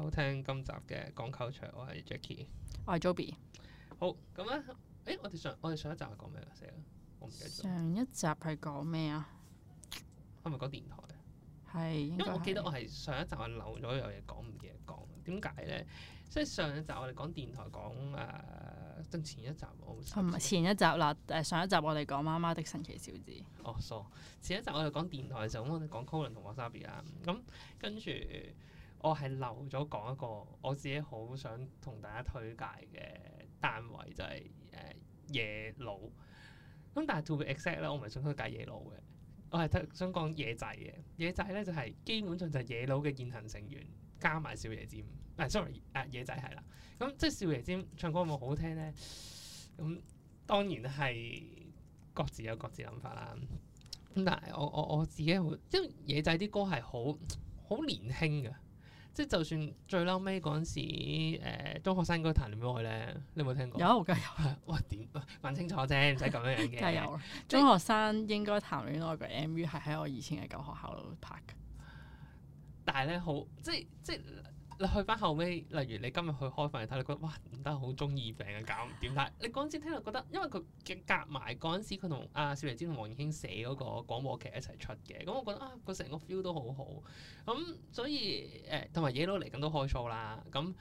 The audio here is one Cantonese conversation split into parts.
收聽今集嘅講求場，我係 Jacky，我係 Joby。好，咁咧，誒，我哋上我哋上一集係講咩啊？死啦，我唔記得。上一集係講咩啊？係咪講電台啊？係，因為我記得我係上一集漏咗有嘢講，唔記得講。點解咧？即係上一集我哋講電台，講誒，即、呃、前一集我唔記得。唔係前一集啦，誒、呃，上一集我哋講媽媽的神奇小子。哦，傻！前一集我哋講電台嘅時候，我哋講 Colin 同 Wasabi 啦，咁、嗯、跟住。我係漏咗講一個我自己好想同大家推介嘅單位，就係、是、誒野佬。咁但係，to be exact 我唔係想推介野佬嘅，我係想講野仔嘅。野仔咧，就係、是、基本上就係野佬嘅現行成員加埋少爺尖。唔、啊、sorry 啊，野仔係啦。咁即係少爺尖唱歌有冇好聽咧？咁當然係各自有各自諗法啦。咁但係我我我自己好，因為野仔啲歌係好好年輕嘅。即係就算最嬲尾嗰陣時，呃，中學生應該談戀愛咧，你有冇聽過？有，梗係有。有哇，點問 清楚啫，唔使咁樣嘅。梗係 有啦，中學生應該談戀愛嘅 MV 係喺我以前嘅舊學校度拍嘅，但係咧好即係即係。你去翻後尾，例如你今日去開飯嚟睇，你覺得哇，唔得好中意病呀，搞唔掂。你嗰陣時聽落覺得，因為佢嘅夾埋嗰陣時，佢同阿小肥子同黃燕卿寫嗰個廣播劇一齊出嘅，咁、嗯、我覺得啊，個成個 feel 都好好。咁、嗯、所以誒，同、欸、埋野佬嚟緊都開數啦。咁、嗯、誒、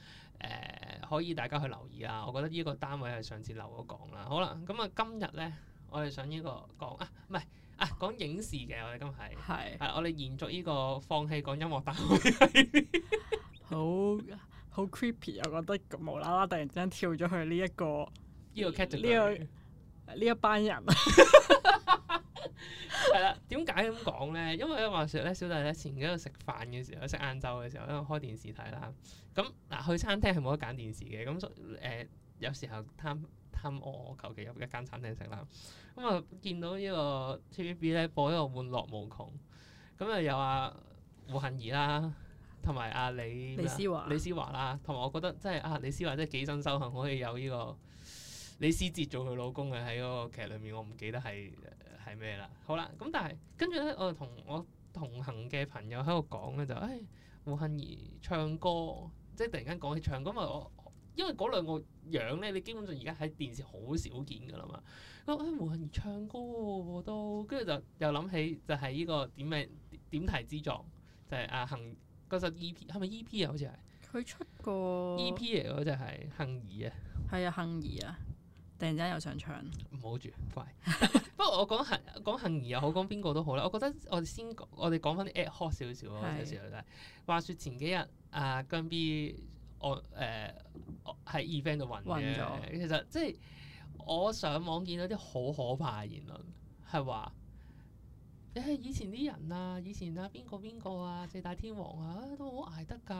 欸，可以大家去留意啊。我覺得呢個單位係上次漏咗講啦。好啦，咁、嗯、啊今日咧，我哋想呢個講啊，唔係啊，講影視嘅，我哋今日係係，我哋延續呢個放棄講音樂單位。 好好 creepy 啊！我覺得無啦啦突然之間跳咗去呢、呢、一個呢個呢、呢個呢、呢個、一班人哈哈 係啦。點解咁講咧？因為咧話説咧，小弟咧前幾日食飯嘅時候，食晏晝嘅時候因為，開電視睇啦。咁嗱、啊，去餐廳係冇得揀電視嘅。咁誒、呃、有時候貪貪餓，求其入一間餐廳食啦。咁啊，見到個呢個 TVB 咧播一個玩樂無窮，咁啊又阿胡杏兒啦。同埋阿李李思華李思華啦，同埋我覺得即係啊，李思華真係幾生修行，可以有呢個李思捷做佢老公嘅，喺嗰個劇裏面。我唔記得係係咩啦。好啦，咁、嗯、但係跟住咧，我同我同行嘅朋友喺度講咧，就誒胡杏兒唱歌，即係突然間講起唱歌嘛我，因為嗰兩個樣咧，你基本上而家喺電視好少見㗎啦嘛。咁誒胡杏兒唱歌喎，我都跟住就又諗起就係呢個點名點，點，點題之作，就係阿杏。嗰首 EP 係咪 EP 啊？好似係佢出過 EP 嚟嘅，就係杏兒啊。係啊，杏兒啊，突然之間又想唱，唔好住，乖。 不過我講杏講杏兒又好，講邊個都好啦。我覺得我哋先我哋講翻啲 ad hoc 少少咯，少少嚟。是話説前幾日啊，姜 B 我誒喺 event 度揾，揾、呃、咗。E、了其實即係我上網見到啲好可怕嘅言論，係話。誒、欸、以前啲人啊，以前啊邊個邊個啊，四大天王啊，都好捱得㗎。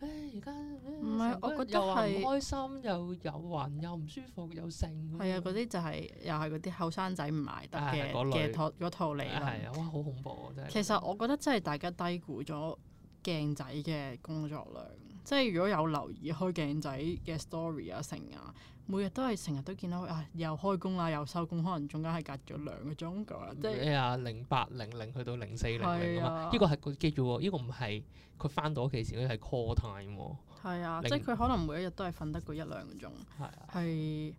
唉、欸，而家唔係，我覺得係唔開心，又有暈，又唔舒服，又剩。係啊，嗰啲就係又係嗰啲後生仔唔捱得嘅嘅託嗰套嚟。係啊，哇，好恐怖啊！真係。其實我覺得真係大家低估咗鏡仔嘅工作量。.即係如果有留意開鏡仔嘅 story 啊，成啊，每日都係成日都見到啊，又開工啦，又收工，可能中間係隔咗兩個鐘噶，嗯、即係是、哎、啊零八零零去到零四零零啊嘛，依個係佢記住喎，依、這個唔係佢翻到屋企時嗰啲係 call time 喎。啊，0，即係佢可能每一日都係瞓得過一兩個鐘。係、啊。係。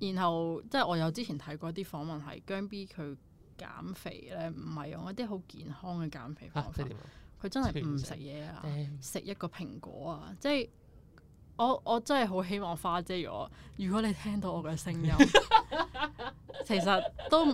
然後即係我有之前睇過一啲訪問係姜 B 佢減肥咧，唔係用一啲好健康嘅減肥方法。啊啊佢真係唔食嘢啊！食、嗯、一個蘋果啊！即係我我真係好希望花姐，如果如果你聽到我嘅聲音， 其實都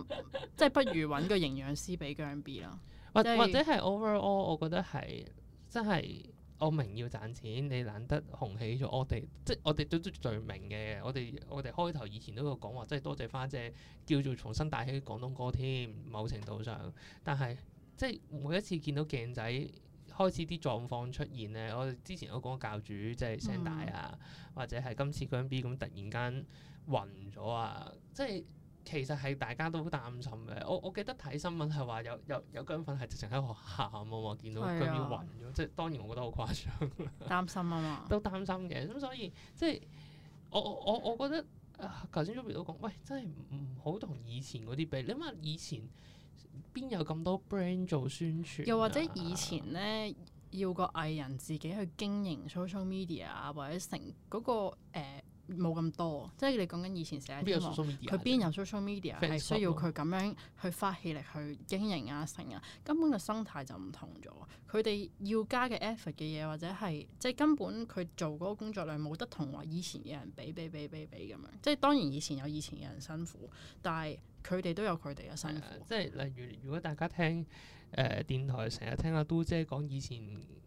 即係不如揾個營養師俾姜 B 啦。或或者係是 overall，我覺得係真係我明要賺錢，你懶得紅起咗。我哋即係我哋都都最明嘅。我哋我哋開頭以前都有講話，即係多謝花姐叫做重新帶起廣東歌添。某程度上，但係。即係每一次見到鏡仔開始啲狀況出現咧，我之前都講過教主即係聲大啊，嗯、或者係今次姜 B 咁突然間暈咗啊！即係其實係大家都好擔心嘅。我我記得睇新聞係話有有有姜粉係直情喺學校咁啊，見到姜 B, 是、啊、姜 B 暈咗，即係當然我覺得好誇張。擔心啊嘛， 都擔心嘅。咁所以即係我我我我覺得頭先 Zubir 都講，喂真係唔好同以前嗰啲比。你諗下以前。邊有咁多 brand 做宣傳啊？又或者以前咧，要個藝人自己去經營 social media 啊，或者成嗰、那個冇咁、呃、多，即係你講緊以前成日佢邊有 social media 係需要佢咁樣去發氣力去經營啊、成啊，根本個生態就唔同咗。佢哋要加嘅 effort 嘅嘢，或者係即係根本佢做嗰個工作量冇得同話以前嘅人比比比比比咁樣。即係當然以前有以前嘅人辛苦，但係，佢哋都有佢哋嘅身份，即係例如，如果大家聽誒、呃、電台成日聽阿都姐講以前，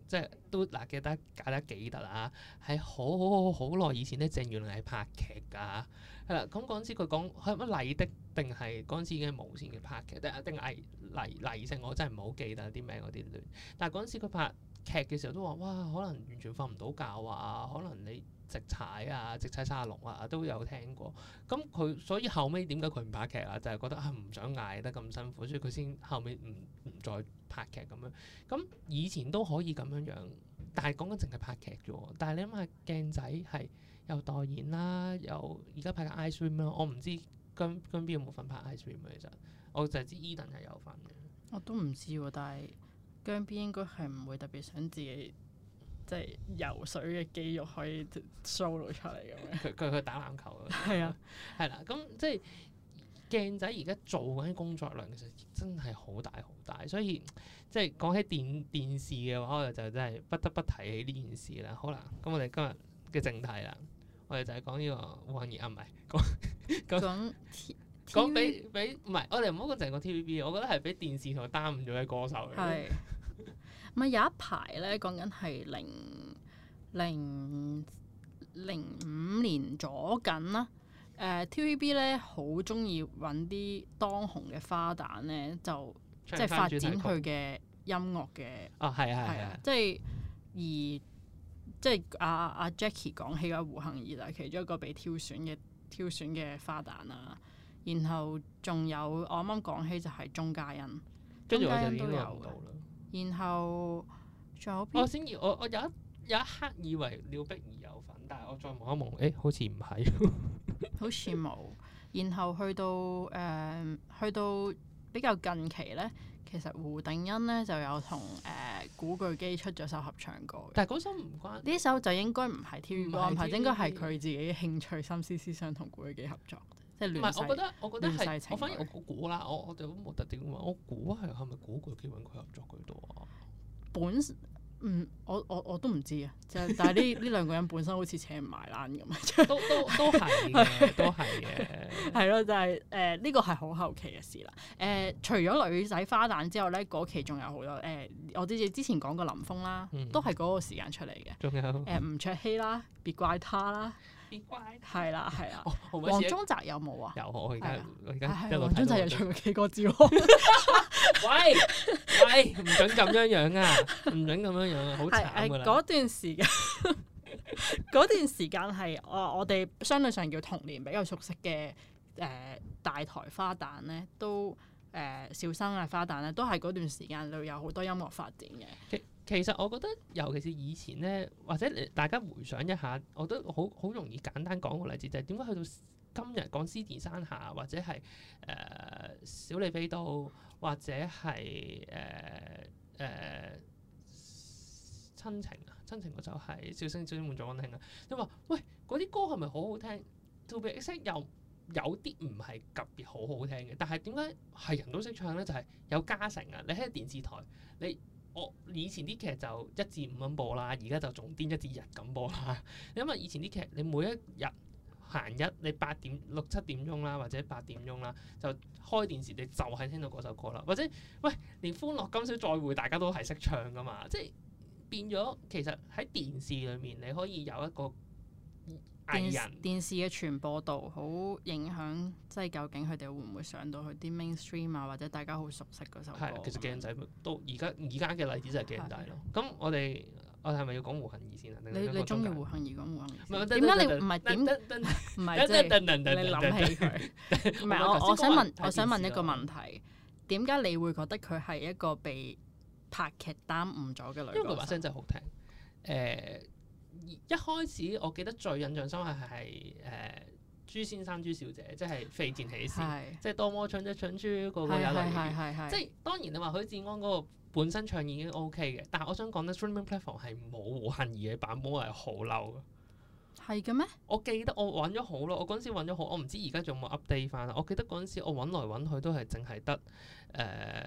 即係都嗱記得記得記得啦，係好好好耐以前咧，鄭裕玲係拍劇㗎，係啦。咁嗰陣時佢講係乜麗的定係嗰陣時已經係無線嘅拍劇，定係定係麗麗麗性，我真係唔好記得啲咩嗰啲亂。但係嗰陣時佢拍劇嘅時候都話：哇，可能完全瞓唔到覺啊，可能你。直踩啊，直踩三十六啊，都有聽過。咁佢所以後尾點解佢唔拍劇啊？就係、是、覺得啊，唔想捱得咁辛苦，所以佢先後尾唔唔再拍劇咁、啊、樣。咁以前都可以咁樣樣，但係講緊淨係拍劇啫。但係你諗下鏡仔係有代言啦，有而家拍緊 Ice Cream 啦。我唔知姜姜 B 有冇份拍 Ice Cream，其實我、e，我就知 Edan 係有份嘅。我都唔知喎、啊，但係姜 B 應該係唔會特別想自己。即係游水嘅肌肉可以 show 露出嚟嘅咩？佢，佢打籃球嘅。係 啊，係啦，咁即係鏡仔而家做緊啲工作量，其實真係好大好大。所以即係講起電電視嘅話，我就真係不得不提起呢件事啦。好啦，咁我哋今日嘅正題啦，我哋就係講呢個胡杏兒，啊，唔係，講講講俾俾唔係，我哋唔好講成個 TVB。我覺得係俾電視台耽誤咗嘅歌手嚟。的 咪有一排咧，講緊係零零零五年左近啦。誒 TVB 咧好中意揾啲當紅嘅花旦咧，就即係發展佢嘅音樂嘅、哦嗯。啊係啊係啊，即係而即係阿阿 Jacky 講起個胡杏兒就係其中一個被挑選嘅挑選嘅花旦啦。然後仲有我啱啱講起就係鍾嘉欣，鍾嘉欣都有。然後左邊，我先而我我有一有一刻以為廖碧兒有份，但係我再望一望，誒好， 好似唔係，好似冇。然後去到誒、呃、去到比較近期咧，其實胡定欣咧就有同誒、呃、古巨基出咗首合唱歌嘅，但係嗰首唔關呢首就應該唔係 TVB 安排，應該係佢自己，自己興趣心思思，思想同古巨基合作。唔係，我覺得我覺得係，我反而我估啦，我我就冇特定話，我估係係咪古巨基本佢合作佢多啊？本嗯，我我我都唔知啊，就但係呢呢兩個人本身好似請唔埋啦咁，都都 都係都係嘅，係咯， 就係誒呢個係好後期嘅事啦。誒、呃，除咗女仔花旦之後咧，嗰、那個、期仲有好多誒、呃，我哋之前講過林峰啦，都係嗰個時間出嚟嘅，仲、嗯、還有誒吳卓羲啦，別怪他啦。係啦，係啦。黃宗澤有冇啊？有，又我而家的我而黃宗澤又唱過幾個字。喂喂，唔准咁樣樣啊！唔准咁樣樣，啊，好慘嗰段時間，嗰 段時間係我我哋相對上叫童年比較熟悉嘅誒、呃，大台花旦咧都誒、呃，小生啊花旦咧都係嗰段時間裏有好多音樂發展嘅。Okay. 其實我覺得，尤其是以前咧，或者大家回想一下，我都好好容易簡單講個例子，就係點解去到今日講《獅子山下》或呃，或者係誒《小李飛刀》，或者係誒誒親情啊，親情嗰首係《笑聲笑聲滿載溫馨》啊，都話喂嗰啲歌係咪好好聽？To be exact，有有啲唔係特別好好聽嘅，但係點解係人都識唱咧？就係、是、有加成啊！你喺電視台，你。我、哦、以前啲劇就一至五咁播啦，而家就總之一至日咁播啦。 因為以前啲劇，你每一日閒日，你八點六七點鐘啦，或者八點鐘啦，就開電視你就係聽到嗰首歌啦。或者，喂，連《歡樂今宵》再會大家都係識唱噶嘛？即係變咗，其實喺電視裏面你可以有一個。電電視嘅傳播度好影響，即係究竟佢哋會唔會上到去啲 mainstream 啊，或者大家好熟悉嗰首歌。其實鏡仔都而家而家嘅例子就係鏡大咯。咁我哋我係咪要講胡杏兒先？你你中意胡杏兒講胡杏兒？點解你唔係點？唔係即係你諗起佢？唔係我想問，我想問一個問題：點解你會覺得佢係一個被拍劇耽誤咗嘅女？因為佢把聲真係好聽。誒。一開始我記得最印象深刻係誒、呃、朱先生朱小姐，即係肥田喜事， 即係多麼蠢仔蠢豬個，個個有留意。 即係當然你話許志安嗰個本身唱已經 OK 嘅，但係我想講咧，Streaming Platform 係冇胡杏兒嘅版本，我係好嬲。係嘅咩？我記得我揾咗好咯，我嗰陣時揾咗好，我唔知而家仲冇 update 翻。我記得嗰陣時我揾來揾去都係淨係得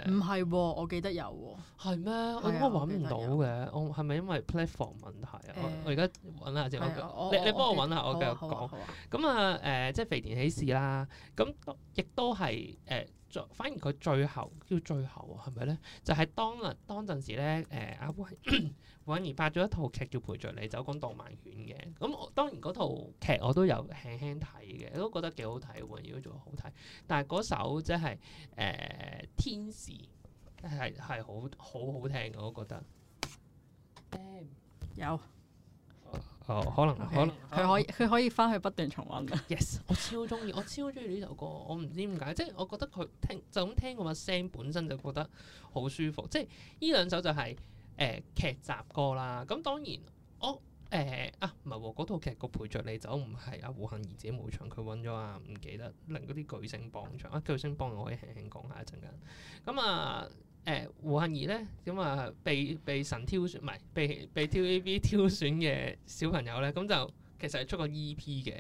誒，唔係喎，我記得有喎，哦，係咩嗎？啊、我應該揾唔到嘅，我係咪因為 platform 問題啊？我而家揾下先，啊、你、哦、你幫我揾下我繼續講。咁啊誒、啊呃，即係肥田喜事啦，咁亦都係誒、呃，反而佢最後叫最後係咪咧？就係、是、當啊當陣時咧誒，阿反而拍咗一套劇叫《陪着你走》講導盲犬嘅，咁我當然嗰套劇我都有輕輕睇嘅，都覺得幾好睇喎，如果做好睇。但係嗰首真係誒天使係係好好好聽嘅，我都覺得。Damn，有、哦、可能 okay，可能佢可以佢、哦、可以翻去不斷重溫。Yes，我超中意，我超中意呢首歌。 我唔知點解，即係我覺得佢聽就咁聽嗰個聲本身就覺得好舒服。即係呢兩首就係。誒、欸、劇集歌啦，咁、嗯、當然哦，誒、欸、啊唔係喎，嗰套、啊、劇個陪着你走唔係啊。胡杏兒自己冇唱，佢揾咗啊，唔記得令嗰啲巨星幫唱啊，巨星幫我可以輕輕講下一陣間。咁、嗯、啊誒、欸、胡杏兒咧，咁啊被被神挑選唔係被被 TVB 挑選嘅小朋友咧，咁、嗯、就其實係出過 EP 嘅，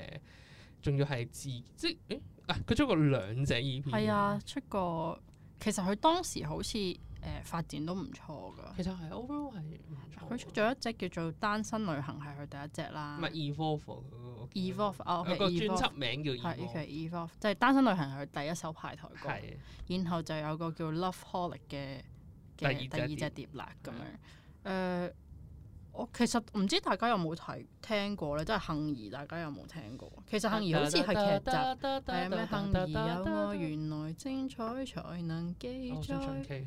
仲要係自即誒，佢、嗯啊、出過兩隻 EP。係啊，出過其實佢當時好似。誒、呃、發展都唔錯噶，其實係 overall 係佢出咗一隻叫做《單身旅行》係佢第一隻啦。唔係 Evolve Evolve 啊，佢、okay. Evolve，佢個專輯名叫 Evolve，即係《okay, Evolve, 單身旅行》係佢第一首排台歌，對然後就有個叫 Loveholic 嘅第二隻碟啦咁樣。誒、呃。其實唔知大家有冇睇聽過咧，即係杏兒，大家有冇聽過？其實杏兒好似係劇集，係咩、嗯嗯、杏兒啊？原來精彩才能記載。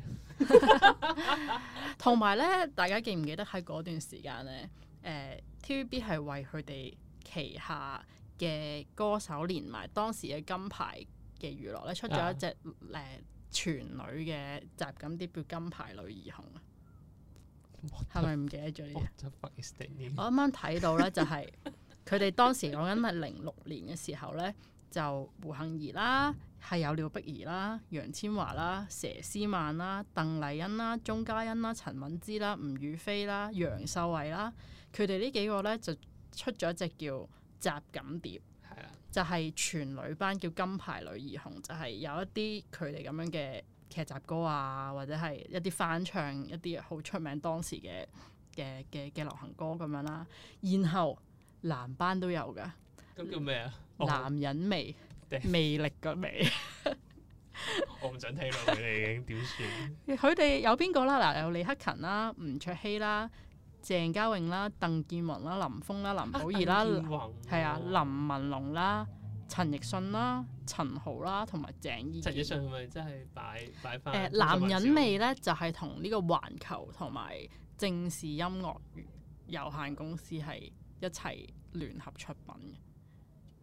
同埋咧，大家記唔記得喺嗰段時間咧？誒、呃、TVB 係為佢哋旗下嘅歌手連埋當時嘅金牌嘅娛樂咧，出咗一隻誒全女嘅集錦，啲叫、啊呃、金牌女兒紅。係咪唔記得咗呢？我啱啱睇到呢，就係佢哋當時講緊係零六年嘅時候呢，就胡杏兒啦，係有廖碧兒啦、楊千嬅啦、佘詩曼啦、鄧麗欣啦、鍾嘉欣啦、陳敏之啦、吳雨霏啦、楊秀惠啦，佢哋呢幾個呢，就出咗一隻叫《雜錦碟》的，就係全女班叫金牌女兒紅，就係、是、有一啲佢哋咁樣嘅。劇集歌啊，或者係一啲翻唱一啲好出名當時嘅嘅嘅嘅流行歌咁樣啦、啊，然後男班都有噶，咁叫咩啊？男人味，魅、oh. 力嘅味。 我唔想聽到佢哋，點算 ？佢哋 有邊個啦？嗱，有李克勤啦、吳卓羲啦、鄭嘉穎啦、鄧健泓啦、林峯啦、林保怡啦，係啊，啊，林文龍啦。嗯陳奕迅啦、陳豪啦，同埋鄭伊健。陳奕迅係咪即係擺擺翻？誒、呃，男人味咧就係同呢個環球同埋正視音樂有限公司係一齊聯合出品。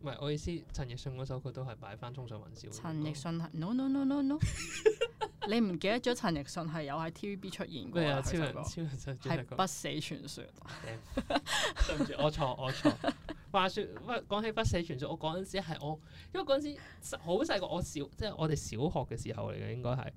唔係我意思，陳奕迅嗰首佢都係擺翻《沖上雲霄》。陳奕迅係 no no no no no， 你唔記得咗陳奕迅係有喺 TVB 出現過？超人，超人就主題曲係不死傳説。 對唔住，我錯我錯。 話説，喂，講起不死傳説，我嗰陣時係我，因為嗰陣時好細個，我小即係、就是、我哋小學嘅時候嚟嘅，應該係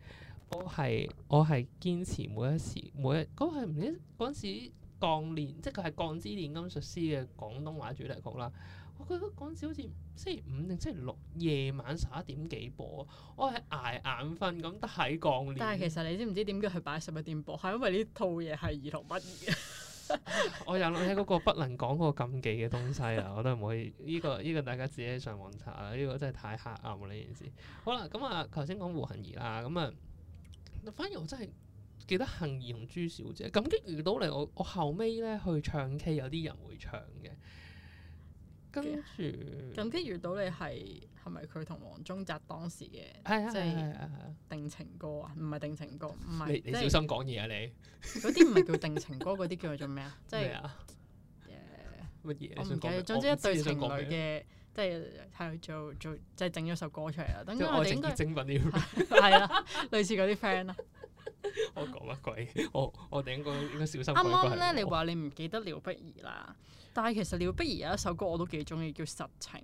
我係我係堅持每一次每一嗰唔記得嗰陣時鋼煉即係佢係鋼之煉金術師嘅廣東話主題曲啦。我覺得陣時好似星期五定星期六夜晚十一點幾播，我係捱眼瞓咁，得喺鋼。但係其實你知唔知點解佢擺十一點播？係因為呢套嘢係兒童不宜 我又諗起嗰個不能講嗰個禁忌嘅東西啊！我都唔可以，呢、呢個依、呢個大家自己上網查啦，呢、呢個真係太黑暗啦呢件事。 好啦，咁啊，頭先講胡杏兒啦，咁啊，反而我真係記得杏兒同朱小姐咁，遇到嚟我我後尾咧去唱 K，有啲人會唱嘅。跟住咁，跟住到你係係咪佢同黃宗澤當時嘅即係定情歌啊？唔係定情歌，唔係你小心講嘢啊！你嗰啲唔係叫定情歌，嗰啲叫做咩啊？即係誒乜嘢？我唔記得。總之一對情侶嘅，即係係做做即係整咗首歌出嚟啦。等我整啲精品係啦，類似嗰啲 friend 啦。我講乜鬼？我我頂個應該小心啱啱咧，你話你唔記得廖碧兒啦，但係其實廖碧兒有一首歌我都幾中意，叫《實情》。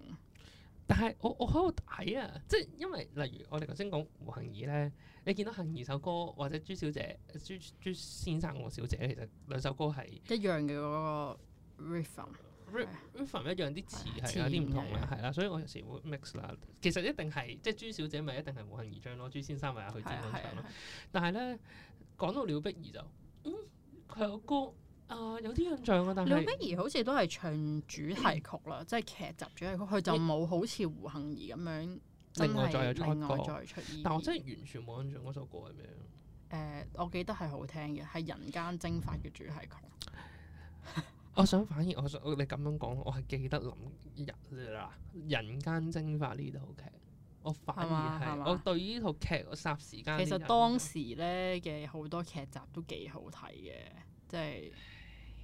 但係我我喺度睇啊，即係因為例如我哋頭先講胡杏兒咧，你見到杏兒首歌或者朱小姐、朱朱先生和小姐其實兩首歌係一樣嘅嗰個 rhythm，rhythm 一樣啲詞係有啲唔同嘅係啦，所以我有時會 mix 啦。其實一定係即係朱小姐咪一定係胡杏兒唱咯，朱先生咪係佢自己唱咯。的的但係咧講到廖碧兒就，嗯，佢個歌。呃、啊，有啲印象咯，但係廖碧兒好似都係唱主題曲啦，嗯、即係劇集主題曲，佢你就冇好似胡杏兒咁樣另外，另外再出意再出現，但我真係完全冇印象嗰首歌係咩？誒、呃，我記得係好聽嘅，係 《人間蒸發》嘅主題曲。我想反而我想你咁樣講，我係記得《林日娜》《人間蒸發》呢套劇。我反而係吧我對呢套劇我霎時間吧其實當時咧嘅好多劇集都幾好睇嘅，即係。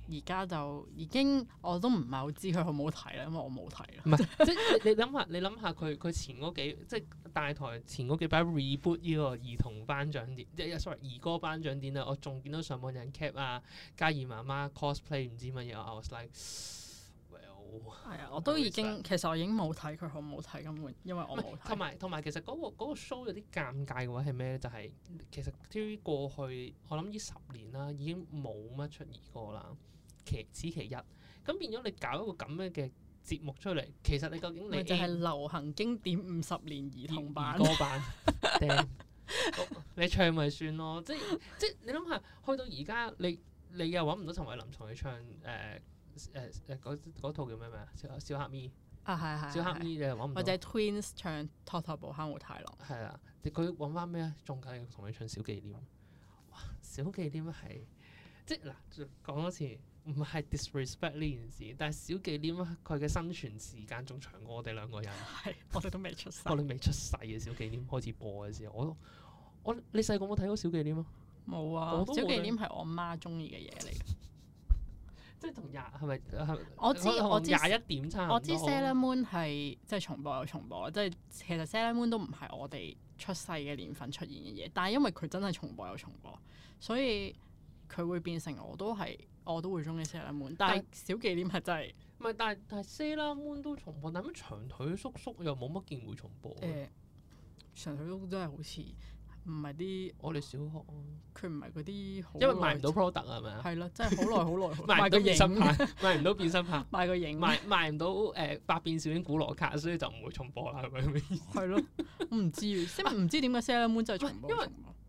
而家就已經我都唔係好知佢好唔好睇啦，因為我冇睇啦。唔係， 即你諗下，你諗下佢佢前嗰幾即大台前嗰幾排 reboot 呢個兒童頒獎典，即 sorry 兒歌頒獎典啦，我仲見到上網有人 cap 啊，嘉義媽媽 cosplay 唔知乜嘢，i was like，哇！係啊，我都已經 其實我已經冇睇佢好唔好睇咁樣，因為我同埋同埋其實嗰、那個嗰、那個 show 有啲尷尬嘅話係咩咧？就係、是、其實 TVB 過去我諗呢十年啦，已經冇乜出兒歌啦。其此其一，咁、嗯、變咗你搞一個咁樣嘅節目出嚟，其實你究竟你、欸、就係流行經典五十年兒童版童 歌版、 嗯，你唱咪算咯？即即你諗下，去到而家你你又揾唔到陳慧琳同佢唱誒誒誒嗰套叫咩名啊？係係係小黑咪啊，係係小黑咪，你又揾唔到或者 Twins 唱《拖拖步哈姆太郎》係啊？佢揾翻咩啊？仲繼續同佢唱小《小紀念》？哇，《小紀念》係即嗱，講多次。唔係 disrespect 呢件事，但係小忌廉佢嘅生存時間仲長過我哋兩個人。係， 我哋都未出世。我哋未出世嘅小忌廉開始播嘅時候，我我，你細個有冇睇過小忌廉啊？冇啊！小忌廉係我媽中意嘅嘢嚟。嘅。即係同廿係咪？我知我知，廿一點差唔多，我知 Sailor Moon 係即係重播又重播，即係其實 Sailor Moon 都唔係我哋出世嘅年份出現嘅嘢，但係因為佢真係重播又重播，所以。佢會變成我都係我都會中意《西拉門》，但係小紀念係真係，唔係但係但係《西拉門》都重播，但係乜長腿叔叔又冇乜機會重播。誒，長腿叔叔真係好似唔係啲。我哋小學佢唔係嗰啲，因為賣唔到 product 係咪啊？係咯，真係好耐好耐，賣個型牌，賣唔到變身牌，賣個型賣賣唔到誒百變小櫻古羅卡，所以就唔會重播啦，係咪咁嘅意思？係咯，唔知，因為唔知點解《西拉門》真係重播。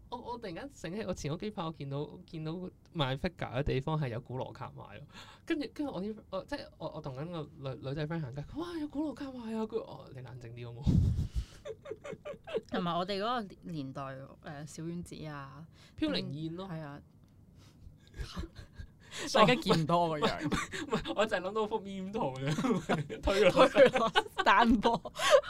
我我突然間醒起，我前嗰幾排我見到見到賣 figure 嘅地方係有古羅卡賣咯，跟住跟住我啲，即係我我同緊個女女仔 friend 行街，哇有古羅卡賣啊！佢哦你冷靜啲好冇？同埋我哋嗰個年代誒、呃、小丸子啊，飄零燕咯，係、嗯、啊， 大家見唔多個樣，唔係 我就係諗到幅 meme 圖啫， 推下推推散播。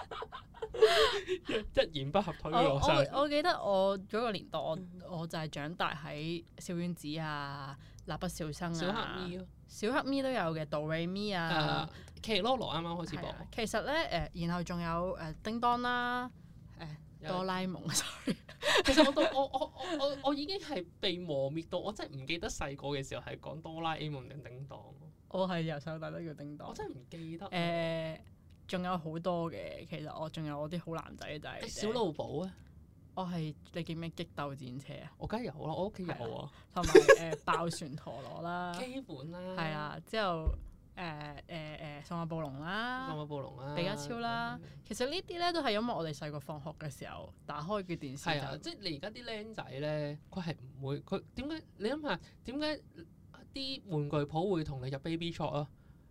一言不合推落山。我 我，我記得我嗰個年代，我我就係長大喺小丸子啊、蠟筆小新啊、小黑咪咯、小黑咪都有嘅哆瑞咪啊、奇洛羅啱啱開始播、啊。其實咧，誒、呃，然後仲有誒、呃、叮當啦，誒哆啦 A 夢。人 Sorry 其實我都我我我我我已經係被磨滅到，我真係唔記得細個嘅時候係講哆啦 A 夢定叮當。我係由細到大都叫叮當，我真係唔記得。誒。 仲有好多嘅，其實我仲有我啲好男仔就係、是欸、小露寶啊，我係你叫咩激鬥戰車啊，我梗係有啦，我屋企有啊，同埋誒爆旋陀螺啦，基本啦、啊，係啊，之後誒誒誒《數碼暴龍》呃呃、送啦，《數碼暴龍》啦，《比卡超》啦，嗯、其實呢啲咧都係因為我哋細個放學嘅時候打開嘅電視，啊，即係你而家啲僆仔咧，佢係唔會，佢點解？你諗下，點解啲玩具鋪會同你入 Baby Shop 啊？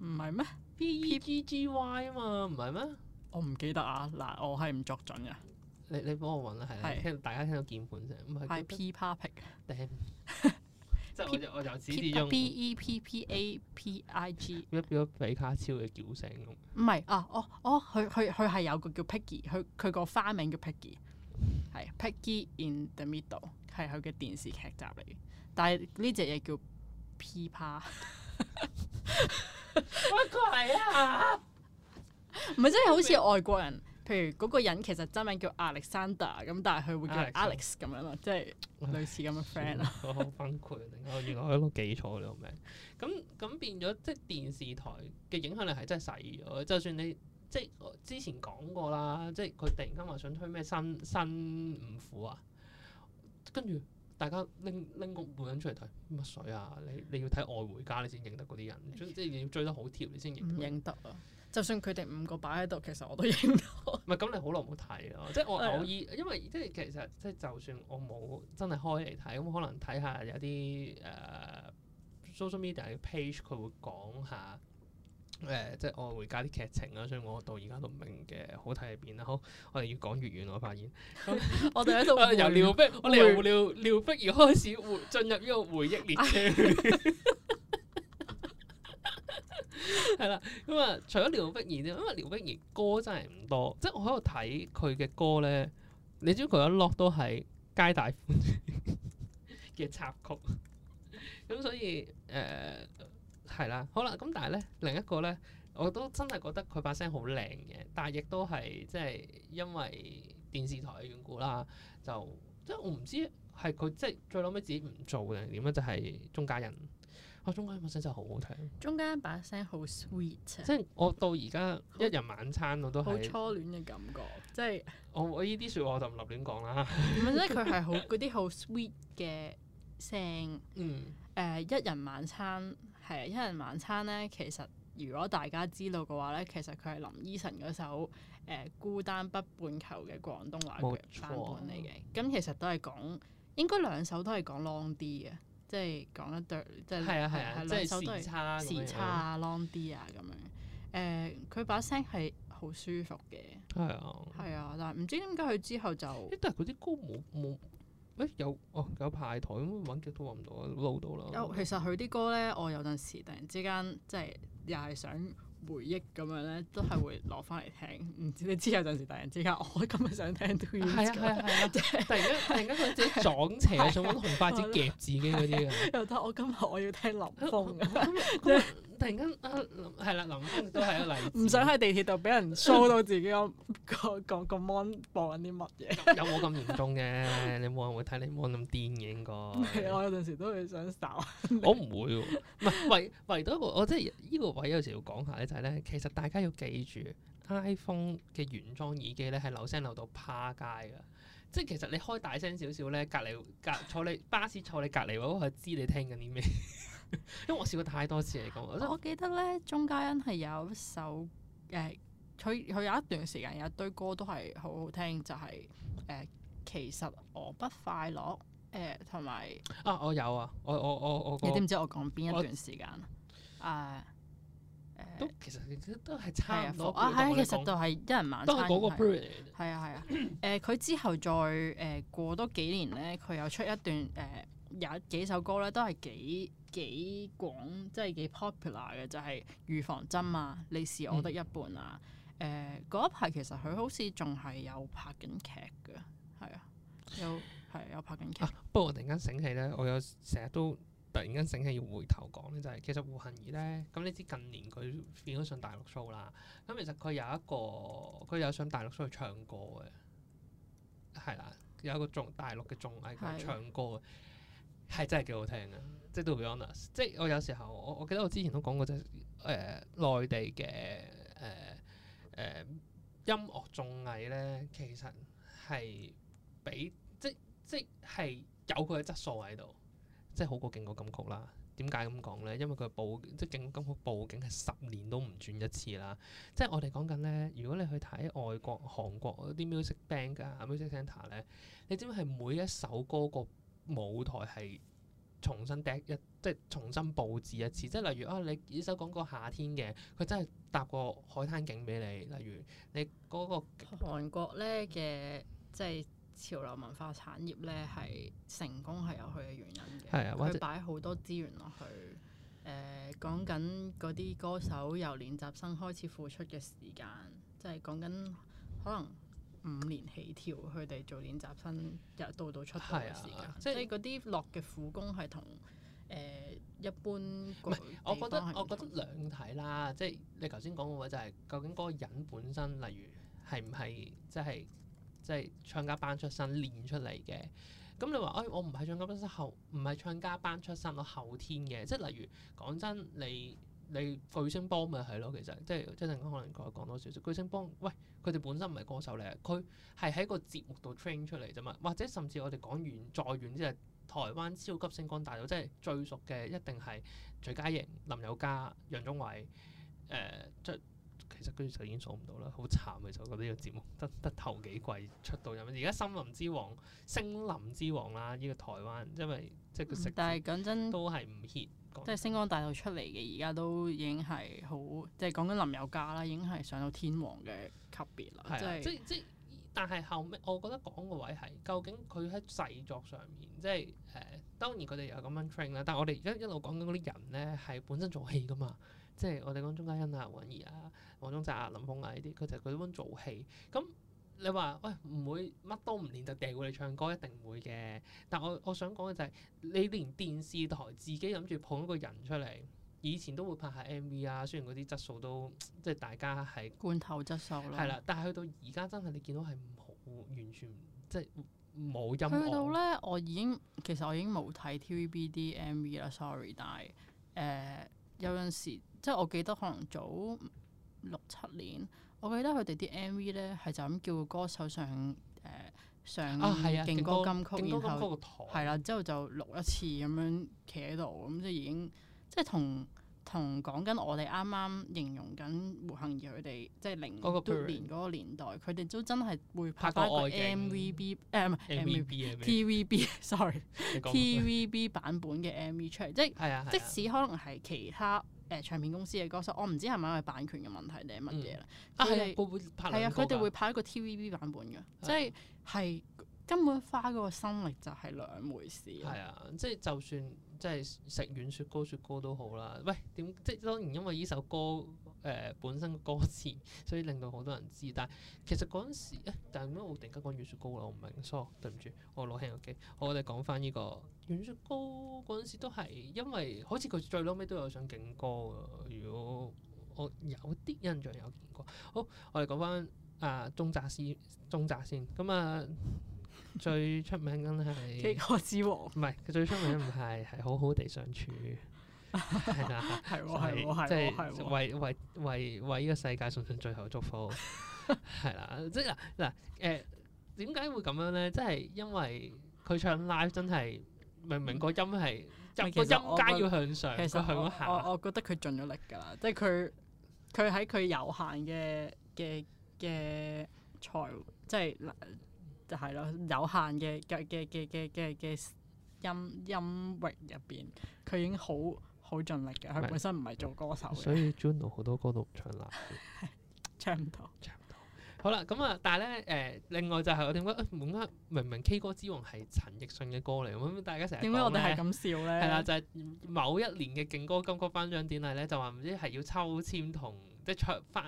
唔係咩？P E P G Y 啊嘛，唔係咩？我唔記得啊，嗱，我係唔作準嘅。你你幫我搵啦，係。係。聽大家聽到鍵盤聲，唔係 P p o p p i c k 即係我就我就只 P E P P A P I G，一變咗比卡超嘅叫聲咁。唔係啊，哦，我佢佢佢係有個叫 Piggy 佢佢個花名叫 Piggy 係 Piggy in the middle，係佢嘅電視劇集嚟嘅。但係呢隻嘢叫 P p o p p 乜鬼啊？唔係即係好似外國人，譬如嗰個人其實真名叫 Alexander，咁但係佢會叫 Alex 咁 樣咯， 即係類似咁嘅 friend 啊。我好崩潰，原來我喺度記錯呢個名。咁咁變咗，即係電視台嘅影響力係真係細咗。就算你即係之前講過啦，即係佢突然間話想推咩新新五虎啊，跟住。大家拎拎個背景出嚟睇，乜水啊？你你要睇外回家，你先認得嗰啲人，嗯、即係要追得好貼你先認，認。唔認得啊！就算佢哋五個擺喺度，其實我都認得唔係咁，你好耐冇睇咯。即係我偶爾，因為即係其實即係就算我冇真係開嚟睇，咁可能睇下有啲誒 social media 嘅 page，佢會講下。誒、呃，即係我會加啲劇情啦，所以我到而家都唔明嘅，好睇喺邊啦？好，我哋越講越遠，我發現。咁我哋喺度由廖碧， 我哋廖廖碧兒開始回 進入呢個回憶列車。係啦，咁啊，除咗廖碧兒之外，因為廖碧兒歌真係唔多，即係我喺度睇佢嘅歌咧，你知佢一落都係《皆大歡喜》嘅插曲，咁 所以誒。呃係啦，好啦，咁但係咧，另一個咧，我都真係覺得佢把聲好靚嘅，但係亦都係即係因為電視台嘅緣故啦，就即係我唔知係佢即係最後尾自己唔做嘅點樣就係、是、鍾嘉欣。我、哦、鍾嘉欣把聲真係好好聽，中間把聲好 sweet。即係我到而家一人晚餐我都係好初戀嘅感覺，即係我我呢啲説話我就唔立亂講啦。唔係即佢係好嗰啲好 sweet 嘅聲，誒一人晚餐。係啊，一人晚餐咧，其實如果大家知道嘅話咧，其實佢係林依晨嗰首誒、呃《孤單北半球》嘅廣東話版本嚟嘅。冇錯。咁其實都係講，應該兩首都係講 long 啲嘅，即係講得對，即係。係啊係啊，啊兩首都係時差，時差啊，long 啲啊咁樣。誒、呃，佢把聲係好舒服嘅。係啊。係啊，但係唔知點解佢之後就。誒，但係嗰啲歌冇冇。誒、欸、有哦有排台咁揾極都揾唔到啊，撈到啦！有其實佢啲歌咧，我有陣時突然之間即係又係想回憶咁樣咧，都係會攞翻嚟聽。唔知你知有陣時突然之間我今日想聽都、這個。係啊係啊係啊！即係、 就是、突然間突然間佢自己撞邪咗、啊，同 對筷子夾自己嗰啲又得我今日我要聽林峯啊！突然間啊，係啦，林峰都係一例唔想喺地鐵度俾人 show 到自己個個個個 mon 播緊啲乜嘢？有冇咁嚴重嘅？你冇人會睇你 mon 咁癲嘅應該。我有陣時都會想 show 我唔會喎，唔係圍圍到一個，我即係依個位有時要講下咧，就係咧，其實大家要記住，iPhone 嘅原裝耳機咧係漏聲漏到趴街啊！即係其實你開大聲少少咧，隔離隔坐你巴士坐你隔離位，我係知你聽緊啲咩。因為我試過太多次嚟講，我我記得咧鍾嘉欣係有一首誒，佢佢有一段時間有一堆歌都係好好聽，就係誒，其實我不快樂誒，同埋啊我有啊，我我我我你知唔知我講邊一段時間啊？都其實都都係差唔多啊，其實就係一人晚餐，都係嗰個 period 係啊係啊，誒佢之後再誒過多幾年咧，佢有出一段誒。有幾首歌咧都係幾幾廣，即係幾 popular 嘅，就係、是《預防針》啊、《你是我的一半》啊。誒、嗯呃，嗰一排其實佢好似仲係有拍緊劇嘅，係啊，有係、啊、有拍緊劇、啊。不過我突然間醒起咧，我有成日都突然間醒起要回頭講咧，就係、是、其實胡杏兒咧，咁你知近年佢變咗上大陸 show 啦，咁其實佢有一個佢有上大陸 show 去唱歌嘅，係啦、啊，有一個中大陸嘅綜藝去唱歌嘅。係真係幾好聽啊！嗯、即係都 be honest 即係我有時候我我記得我之前都講過，即係誒內地嘅誒誒音樂綜藝咧，其實係比即即係有佢嘅質素喺度，即係好過勁歌金曲啦。點解咁講咧？因為佢報即係勁歌金曲報警係十年都唔轉一次啦。即係我哋講緊咧，如果你去睇外國韓國嗰啲 music bank 啊、music center 咧，你知唔知係每一首歌個？舞台係重新掟一，即係重新佈置一次，即係例如啊，你呢首講個夏天嘅，佢真係搭個海灘景俾你。例如你嗰、那個韓國咧嘅，即、就、係、是、潮流文化產業咧，係成功係有佢嘅原因嘅，佢擺好多資源落去。誒、呃，講緊嗰啲歌手由練習生開始付出嘅時間，即係講緊可能。五年起跳，佢哋做練習生日到到出道嘅時間，啊、即係嗰啲落嘅苦功係同誒一般。唔係，我覺得我覺得兩睇啦。即係你頭先講嗰個就係、是、究竟嗰個人本身，例如係唔係即係即係唱家班出身練出嚟嘅？咁你話，哎，我唔係唱家班出身後，唔係唱家班出身，我後天嘅。即係例如講真你。你巨星幫咪係咯？其實即係即係陣間可能佢講多少少巨星幫。喂，佢哋本身唔係歌手嚟，佢係喺個節目度 train 出嚟啫嘛。或者甚至我哋講完再遠即係台灣超級星光大道，即係最熟嘅一定係徐佳瑩、林宥嘉、楊宗緯。誒、呃，即其實跟住就已經數唔到啦，好慘嘅就覺得呢個節目得得頭幾季出到，入而家森林之王、聲林之王啦，呢、這個台灣因為即係佢食但係講真，都係唔 hit。即係星光大道出嚟嘅，而家都已經係好，即係講緊林宥嘉啦，已經係上到天王嘅級別啦。即係即但係後尾我覺得講個位係究竟佢喺製作上面，即係誒、呃，當然佢哋又咁樣 train 啦。但係我哋而家一路講緊嗰啲人咧，係本身做戲噶嘛。即係我哋講鐘嘉欣啊、黃韻儀啊、黃宗澤啊、林峯啊呢啲，佢就係佢咁樣做戲咁。你話喂，唔會乜都唔練就掟佢嚟唱歌，一定唔會嘅。但我我想講嘅就係你連電視台自己諗住捧一個人出嚟，以前都會拍下 MV 啊，雖然嗰啲質素都即係大家係罐頭質素咯，係啦，但係去到而家真係你見到係冇完全即係冇音樂。去到咧，我已經其實我已經冇睇 TVB 啲 MV 啦，sorry，但係誒、呃、有陣時、嗯、即係我記得可能早六七年。我記得佢哋啲 MV 咧，係就咁叫歌手上誒、呃、上勁歌金曲，啊啊、金然後係啦、啊，之後就錄一次咁樣企喺度，咁、嗯、即係已經即係同同講緊我哋啱啱形容緊胡杏兒佢哋，即係零多年嗰個年代，佢哋都真係會拍翻個 MV B、哎、拍 MV B 誒唔係 MV TV B TVB，sorry TVB 版本嘅 MV 出嚟，即係即使可能係其他。誒唱片公司嘅歌手，我唔知係咪因為版權嘅問題定係乜嘢啦？啊係，佢哋啊，佢哋會、會、會拍一個 TVB 版本嘅，的即係係根本花嗰個心力就係兩回事。係啊，即係就算即係食軟雪糕雪糕都好啦。喂，點即係當然因為呢首歌。誒、呃、本身嘅歌詞，所以令到好多人知。但係其實嗰陣時，但係點解我突然間講軟雪糕咧？我唔明，所以對唔住，我攞輕音機。好，我哋講翻呢個軟雪糕嗰陣時都係因為好似佢最嬲尾都有上勁歌。如果我有啲印象有見過。好，我哋講翻啊，鍾紮師，鍾紮、呃、先。咁啊，最出名梗係《鐵漢之王》。唔係，佢最出名唔係係好好地相處。係啦，係喎，係喎，即係為為為為呢個世界送上最後祝福，係啦，即係嗱嗱誒，點解會咁樣咧？即係因為佢唱 live 真係，明明個音係個音階要向上，要向下。其實我我我覺得佢盡咗力噶啦，即係佢佢喺佢有限嘅嘅嘅才，即係就係咯，有限嘅嘅嘅嘅嘅嘅音音域入邊，佢已經好。好盡力嘅，佢是本身唔係做歌手。所以 Juno 好多歌都唔唱啦， 唱唔到，唱唔到。好啦，咁啊，但係咧，誒，另外就係我點解明明 K 歌之王係陳奕迅嘅歌嚟，咁大家成日點解我哋係咁笑咧？係啦、啊，就係、是、某一年嘅勁歌金曲頒獎典禮咧，就話唔知係要抽籤同即係唱翻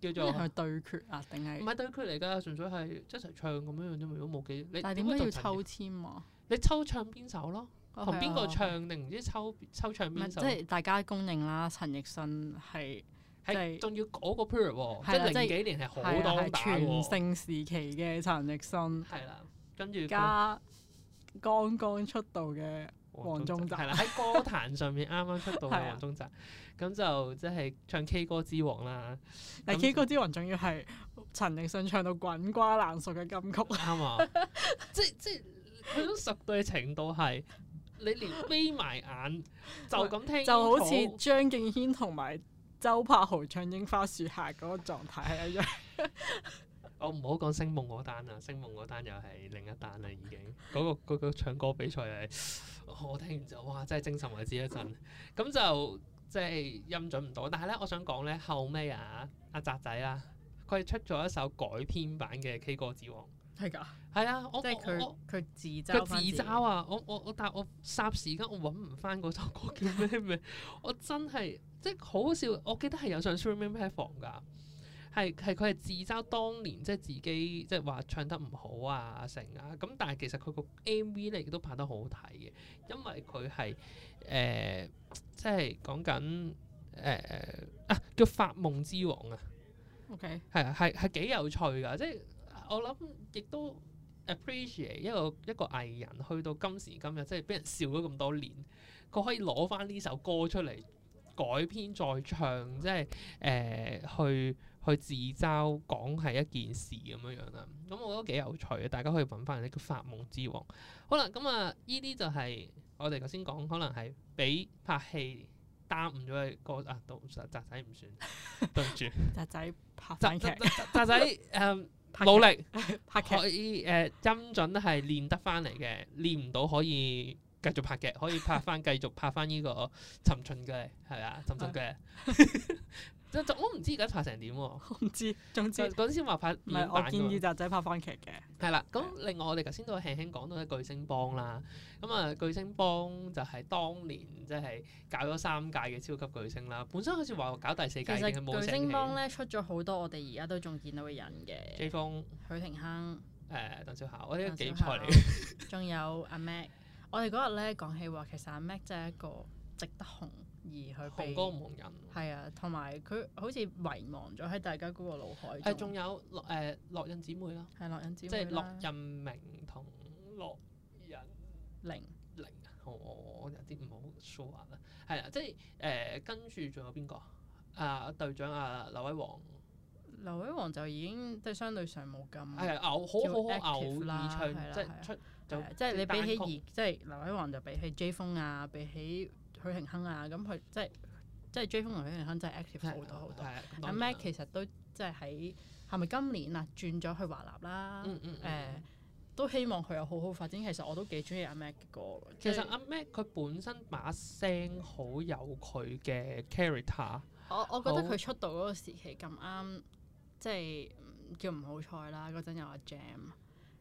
叫做對決啊，定係唔係對決嚟㗎？純粹係即係唱咁樣啫嘛，如果冇記，你但係點解要抽籤啊？你抽唱邊首咯？同邊個唱定唔知抽抽唱邊首？即係大家公認啦，陳奕迅係係仲要嗰個 period，的即係零幾年係好當打喎，係全盛時期嘅陳奕迅係啦，跟住加剛剛出道嘅黃宗澤係啦，喺歌壇上面啱啱出道嘅黃宗澤，咁 的就即係唱 K 歌之王啦。但係 K 歌之王仲要係陳奕迅唱到滾瓜爛熟嘅金曲，啱嘛？即係即係佢都熟到程度係。 你連眯埋眼就咁聽， 就好似張敬軒同埋周柏豪唱《櫻花樹下》嗰個狀態係一樣。 我唔好講《星夢》嗰單啦，《星夢》嗰單又係另一單啦，已經。嗰、嗰個嗰個唱歌比賽係我聽完就哇，真係精神為之一振。咁就即係音準唔到，但係咧，我想講咧，後尾啊阿澤、啊啊、仔啦、啊，佢係出咗一首改編版嘅《K 歌之王》。係噶係啊！即我即係佢，佢自嘲，佢自嘲啊！我我我，但我霎時間我搵唔翻嗰首歌叫咩名？我真係即係好好笑。我記得係有上 streaming platform 噶，係，係佢係自嘲當年即係自己即係話唱得唔好啊成啊咁。但係其實佢個 MV 咧都拍得好好睇嘅，因為佢係誒即係講緊誒啊叫發夢之王啊。OK，係啊，係係幾有趣噶，即係。我諗亦都 appreciate 一個一個藝人去到今時今日，即係俾人笑咗咁多年，佢可以攞翻呢首歌出嚟改編再唱，即係誒、呃、去去自嘲講係一件事咁樣樣啦。咁我覺得幾有趣啊！大家可以揾翻呢個《發夢之王》。好啦，咁、嗯、啊，呢啲就係、是、我哋頭先講，可能係俾拍戲耽誤咗嘅歌啊，都侄仔唔算 對唔住仔拍劇，仔誒。 努力、啊、拍可以誒、呃，音準係練得翻嚟嘅。練唔到可以繼續拍劇，可以拍翻繼續拍翻呢個尋秦記，係 啊，尋秦記。我唔知而家拍成點喎、啊，我唔知。總之嗰陣時話拍唔係，我建議就仔拍翻劇嘅。係啦，咁另外我哋頭先都輕輕講到一巨聲幫啦。咁啊，巨聲幫就係當年即係、就是、搞咗三屆嘅超級巨聲啦。本身好似話搞第四屆嘅。巨聲幫咧出咗好多我哋而家都仲見到嘅人嘅。謝風、許廷鏗、誒、呃、鄧小巧，我哋都幾菜嚟嘅。仲 有阿、啊、Mac，我哋嗰日咧講起話，其實阿、啊、Mac 真係一個值得紅。而紅歌唔紅人，係啊零，同埋佢好似遺忘咗喺大家嗰個腦海。仲有樂誒樂印姊妹咯，係樂印姊妹，即係樂印明同樂印玲玲啊！我有啲唔好說話啦，係啊，即係誒跟住仲有邊個啊？隊長啊，劉偉王。劉偉王就已經即係相對上冇咁係偶好好好偶爾、啊、即係出、啊啊、就，就即係你比起而即係劉偉王就比起 J 風啊比起。許廷鏗啊，咁佢即係即係追風同許廷鏗真係 active 好多好多。阿 Mac 其實都即係喺係咪今年啊轉咗去華納啦？誒都希望佢有好好發展。嗯嗯、其實我都幾中意阿 Mac 嘅歌。其實阿 Mac 佢本身把聲好有佢嘅 character。我我覺得佢出道嗰個時期咁啱，即係叫唔好彩啦。嗰陣有阿 Jam。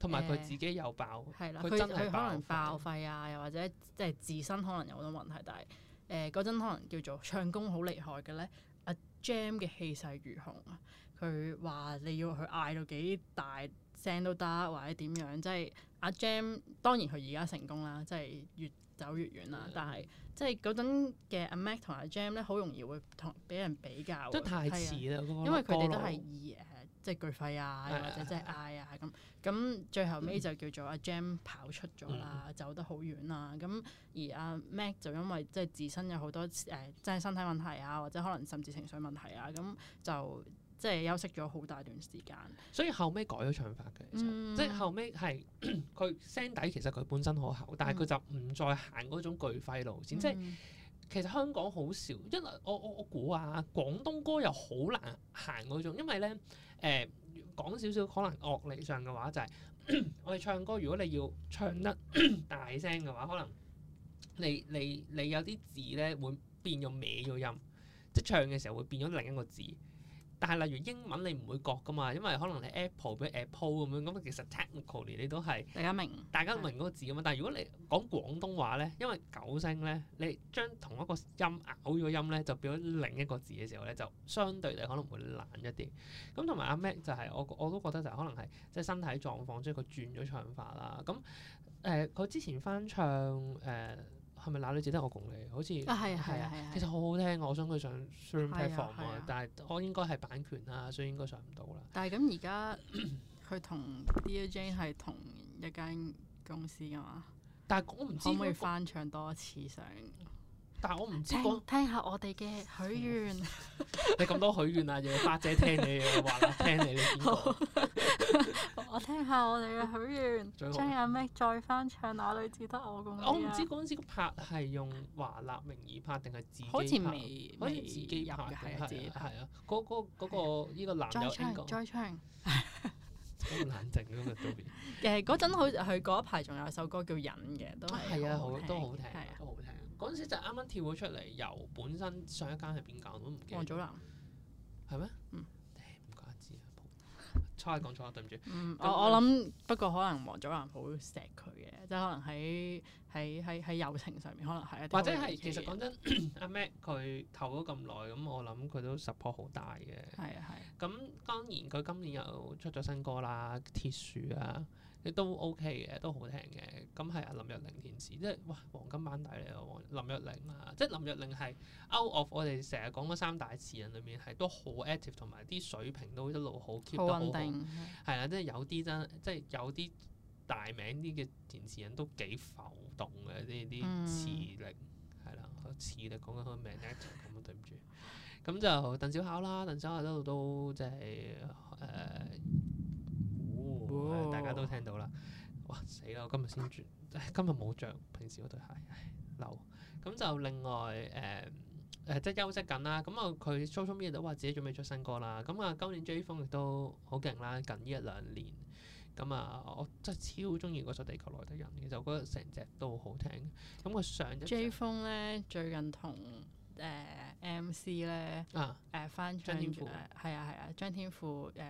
同埋佢自己又爆，佢、欸、真係可能爆肥啊，又或者即係自身可能有好多問題。但係誒嗰陣可能叫做唱功好厲害嘅咧，阿 Jam 嘅氣勢如虹啊！佢話你要佢嗌到幾大聲都得，或者點樣？即係阿 Jam 當然佢而家成功啦，即係越走越遠啦。的但係即係嗰陣嘅阿 Mac 同阿 Jam 咧，好容易會同俾人比較，都太遲啦，的那個、因為佢哋都係二嘅。即係巨肺啊，或者即係嗌啊咁，咁、嗯、最後尾就叫做阿、啊、Jam 跑出咗啦，嗯、走得好遠啦。咁而阿、啊、Mac 就因為即係自身有好多誒，即、呃、係身體問題啊，或者可能甚至情緒問題啊，咁就即係休息咗好大段時間。所以後尾改咗唱法嘅，嗯、即係後尾係佢聲底其實佢本身好厚，但係佢就唔再行嗰種巨肺路線，嗯、即係是。嗯其實香港好少，因為我我我估啊，廣東歌又好難行嗰種，因為咧誒、呃、講少少可能樂理上嘅話、就是，就係 我哋唱歌如果你要唱得大聲嘅話，可能你你你有啲字咧會變咗歪咗音，即唱嘅時候會變咗另一個字。但係例如英文你唔會覺㗎嘛，因為可能你 Apple 俾 Apple 咁樣，咁其實 technically 你都係大，大家明，大家明嗰個字㗎嘛。但係如果你講廣東話咧，因為九聲咧，你將同一個音咬咗音咧，就變咗另一個字嘅時候咧，就相對嚟可能會難一啲。咁同埋阿 Mac 就係、是、我我都覺得就係可能係即係身體狀況，即係佢轉咗唱法啦。咁誒，佢、呃、之前翻唱誒。呃係咪哪裏只得我共你？好似啊係係啊係啊，啊啊啊啊其實好好聽。我想佢上 stream platform 但係我應該係版權啦，所以應該上唔到啦。但係咁而家佢同 Dear Jane 係同一間公司㗎嘛？但係我唔知可唔可以翻唱多一次上？但係我唔知，聽下我哋嘅許願。你咁多許願啊，要花姐聽你，華納聽你。我聽下我哋嘅許願。張阿咩再翻唱《哪裏只得我共你》。我唔知嗰陣時拍係用華納名義拍定係自己拍。好似未，好似自己拍嘅係自己。係啊，嗰個嗰個依個男友。再唱，再唱。好冷靜啊！杜邊。誒，嗰陣好，佢嗰一排仲有首歌叫《忍》嘅，都係啊，都好聽，都好聽。嗰陣時就啱啱跳咗出嚟，由本身上一間係邊間我都唔記得。王祖藍係咩？唔嗎、嗯、怪得之啊！差講錯，對唔住。嗯，那我我諗不過可能王祖藍好錫佢嘅，即係可能喺喺喺喺友情上面可能係一啲。或者係其實講真，阿 Mac 佢投咗咁耐，咁我諗佢都 support 好大嘅。係啊係。咁、嗯、當然佢今年又出咗新歌啦，《鐵樹》啊。亦都 OK 嘅，都好聽嘅。咁係阿林若寧填詞，即係哇，黃金班底嚟嘅黃林若寧啦、啊。即係林若寧係 out of 我哋成日講嗰三大詞人裏面係都好 active 同埋啲水平都一路好 keep 得好好。係啦、啊，即係有啲真，即係有啲大名啲嘅填詞人都幾浮動嘅呢啲詞力，係啦、嗯啊，詞力講緊個名 active 咧咁啊，對唔住。咁就鄧小巧啦，鄧小巧一路都即係誒。呃大家都聽到啦，哇死啦！我今日先著，今日冇着，平時嗰對鞋，溜。咁就另外誒誒、呃呃，即係休息緊啦。咁、嗯、啊，佢初初啲都話自己準備出新歌啦。咁、嗯、啊，今年 Jay Fung 亦都好勁啦，近呢一兩年。咁、嗯、啊，我真係超中意嗰首《地球內的人》，其實我覺得成隻都好聽。咁、嗯、我上一 Jay Fung 咧，最近同誒 MC 咧，誒翻唱誒，係啊係啊，張天賦誒。啊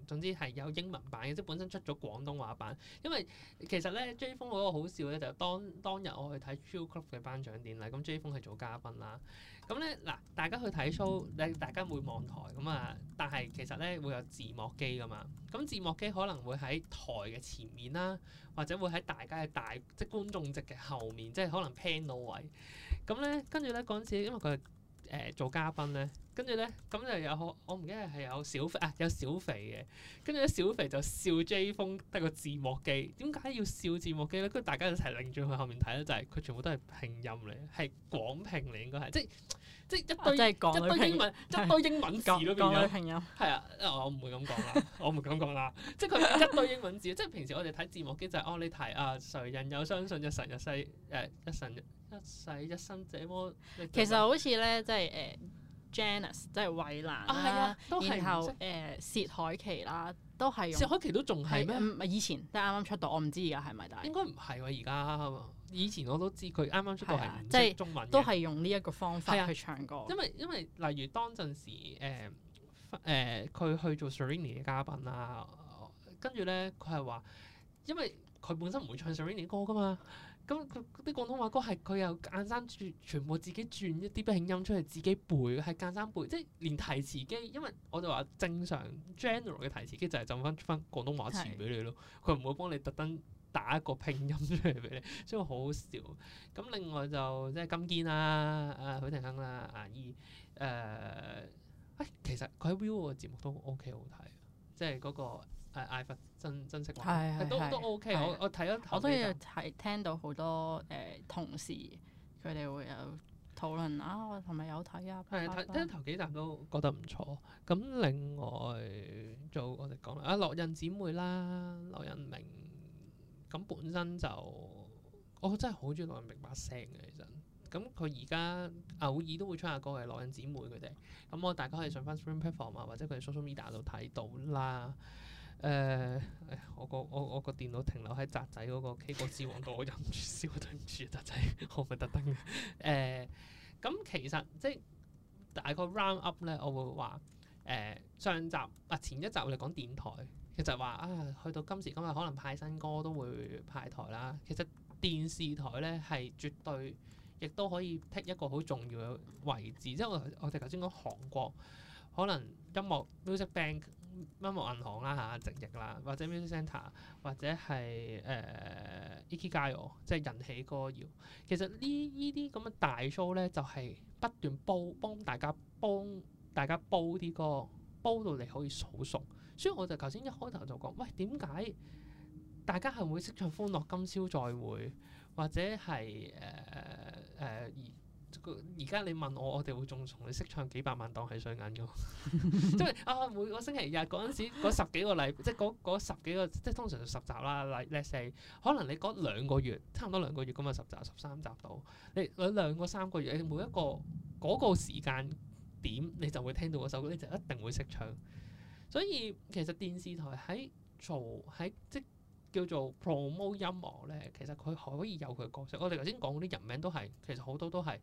總之係有英文版嘅，即本身出咗廣東話版。因為其實咧，J 風嗰個好笑咧，就當當日我去睇 Chill Club 嘅頒獎典禮，咁 J 風係做嘉賓啦。咁咧嗱，大家去睇 show，誒大家會望台咁啊，但係其實咧會有字幕機㗎嘛。咁字幕機可能會喺台嘅前面啦，或者會喺大家嘅大即係觀眾席嘅後面，即係可能 pan 到位。咁咧跟住咧嗰陣時，因為佢誒、呃、做嘉賓咧。跟住咧，咁就有我唔記得係有小肥啊、哎，有小肥嘅。跟住咧，小肥就笑 J 風得個字幕機，點解要笑字幕機咧？跟住大家一齊擰轉去後面睇咧，就係、是、佢全部都係拼音嚟，係廣拼嚟應該係，即係即係一堆、啊、一堆英文是一堆英文字都拼音。係啊，我唔會咁講啦， 我唔咁講啦。即係佢一堆英文字， 即係平時我哋睇字幕機就係、是、哦，你睇啊，誰人又相信一生一世誒一生一世一生這麼。其實好似咧，即係誒。Janice 即係衛蘭都然後誒、呃、薛凱琪啦，都係薛凱琪都仲係咩？唔咪、嗯、以前即係啱啱出道，我唔知而家係咪？但應該唔係喎，而家以前我都知佢啱啱出道係唔識中文、啊就是、都係用呢一個方法去唱歌、啊。因為因為例如當陣時誒誒佢去做 Serrini 嘅嘉賓啊、呃，跟住咧佢係話，因為佢本身唔會唱 Serrini 嘅歌㗎嘛。咁佢啲廣東話歌係佢又間生轉，全部自己轉一啲拼音出嚟，自己背，係間生背，即係連提詞機，因為我就話正常 general 嘅提詞機就係浸翻翻廣東話詞俾你咯，佢唔是會幫你特登打一個拼音出嚟俾你，所以好好笑。咁另外就即係金堅啦、啊、許、啊、廷鏗啦、啊、阿、啊、二誒，誒、呃哎、其實佢喺 Viu 嘅節目都 O、OK、K 好睇，即係嗰、嗰個。係艾佛真真實講，都都 OK。我我睇咗，我都要睇聽到好多誒、呃、同事佢哋會有討論啊。我同咪有睇啊？睇聽頭幾集都覺得唔錯。咁、嗯、另外就我哋講啊，樂印姊妹啦，樂仁明咁本身就我真係好中意樂仁明把聲嘅、啊，其實咁佢而家偶爾都會唱下歌嘅樂印姊妹佢哋。咁我大家可以上翻 stream platform 或者佢哋 social media 度睇到啦。誒、呃，我個我我個電腦停留喺宅仔嗰個 K 歌之王度，我忍唔住笑啊！對唔住，宅仔可咪係特登嘅。咁、呃、其實即係大概 round up 咧，我會話誒、呃、上集啊前一集我哋講電台，其實話啊去到今時今日，可能派新歌都會派台啦。其實電視台咧係絕對亦都可以 take 一個好重要嘅位置，即係我我哋頭先講韓國，可能音樂 music bank。音樂銀行啦嚇，直營啦，或者 music center，或者係誒 icky 街哦，呃、ayo, 即係人氣歌謠。其實這這呢呢啲咁嘅大 show 咧，就係、是、不斷煲，幫大家幫大家煲啲歌，煲到你可以數熟。所以我就頭先一開頭就講，喂，點解大家係會識唱歡樂今宵再會，或者係誒誒。呃呃而家你問我，我哋會仲從你識唱幾百萬檔係上眼嘅，即 為 啊每個星期日嗰陣時嗰十幾個禮， 即係嗰十幾個，即係通常十集啦。Let Let's a y 可能你嗰兩個月，差唔多兩個月咁啊，十集十三集到，你兩兩個三個月，你每一個嗰、那個時間點你就會聽到嗰首歌，你就一定會識唱。所以其實電視台喺做喺即叫做 promo 音樂咧，其實佢可以有佢角色。我哋頭先講嗰啲人名都係，其實好多都係，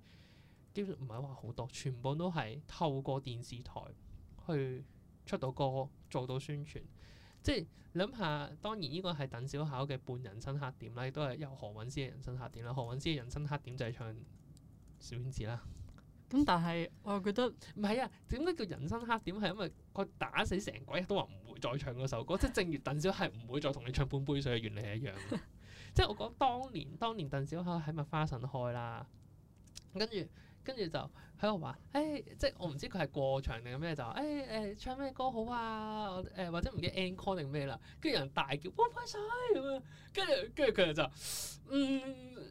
兼唔係話好多，全部都係透過電視台去出到歌，做到宣傳。即係諗下，當然呢個係鄧小巧嘅半人生黑點啦，亦都係有何韻詩嘅人生黑點啦。何韻詩嘅人生黑點就係唱小丸子啦。咁但係我又覺得唔係啊，點解叫人生黑點？係因為佢打死成鬼都話唔會再唱嗰首歌，即係正如鄧小係唔會再同你唱半杯水嘅原理一樣。 即係我講當年，當年鄧小可喺麥花臣開啦，跟住。跟住就喺度話，誒、哎，即係我唔知佢係過場定咩，就誒誒、哎呃、唱咩歌好啊，誒、呃、或者唔記得 encore 定咩啦。跟住人大叫汪派晒！咁啊，跟住跟住佢就，嗯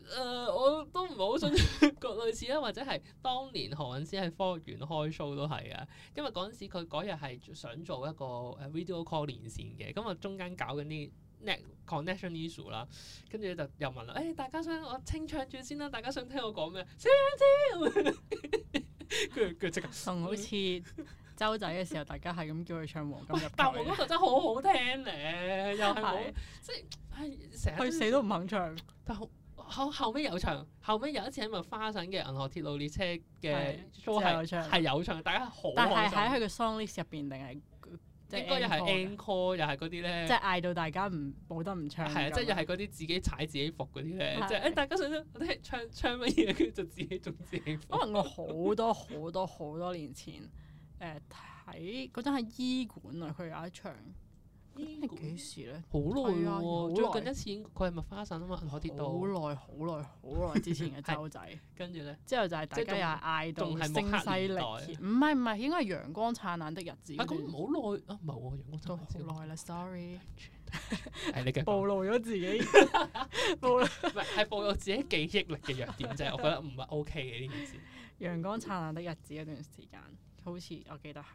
誒、呃，我都唔係好想講類似啦，或者係當年何韻詩喺科學園開 show 都係啊，因為嗰陣時佢嗰日係想做一個 video call 連線嘅，咁啊中間搞緊啲。connect connection issue 啦，跟住就又問啦，誒、哎、大家想我清唱住先啦、啊，大家想聽我講咩？清唱， 跟住跟住即刻同好似周仔嘅時候，大家係咁叫佢唱黃金日。但黃金就真係好好聽咧、啊，又係是即係成日去死都唔肯唱。但很後後後尾有唱，後尾有，有一次喺咪花神嘅銀河鐵路列車嘅都係有唱，大家好，但係喺佢嘅 song list 入邊定係？應該、啊、又係 encore 又係嗰啲咧，啊、即係嗌到大家唔冇得唔唱。係啊，啊啊即係又係嗰啲自己踩自己服嗰啲咧，的即係誒、哎、大家想想我都唱唱乜嘢，跟住就自己做自己服。可能我好多好 多好多年前誒睇嗰陣喺醫館啊，佢有一場。幾時咧？好耐啊！最近一次佢係咪花神啊嘛？坐鐵到好耐，好耐，好耐之前嘅周仔。跟住咧，之後就係大家又嗌到，仲係穆克年代。唔係唔係，應該係陽光燦爛的日子。咁唔好耐啊，唔係喎，陽光燦爛好耐啦，sorry。係你嘅暴露咗自己，暴露唔係暴露自己記憶力嘅弱點啫。我覺得唔係 OK 嘅，呢件事。陽光燦爛的日子嗰段時間，好似我記得係，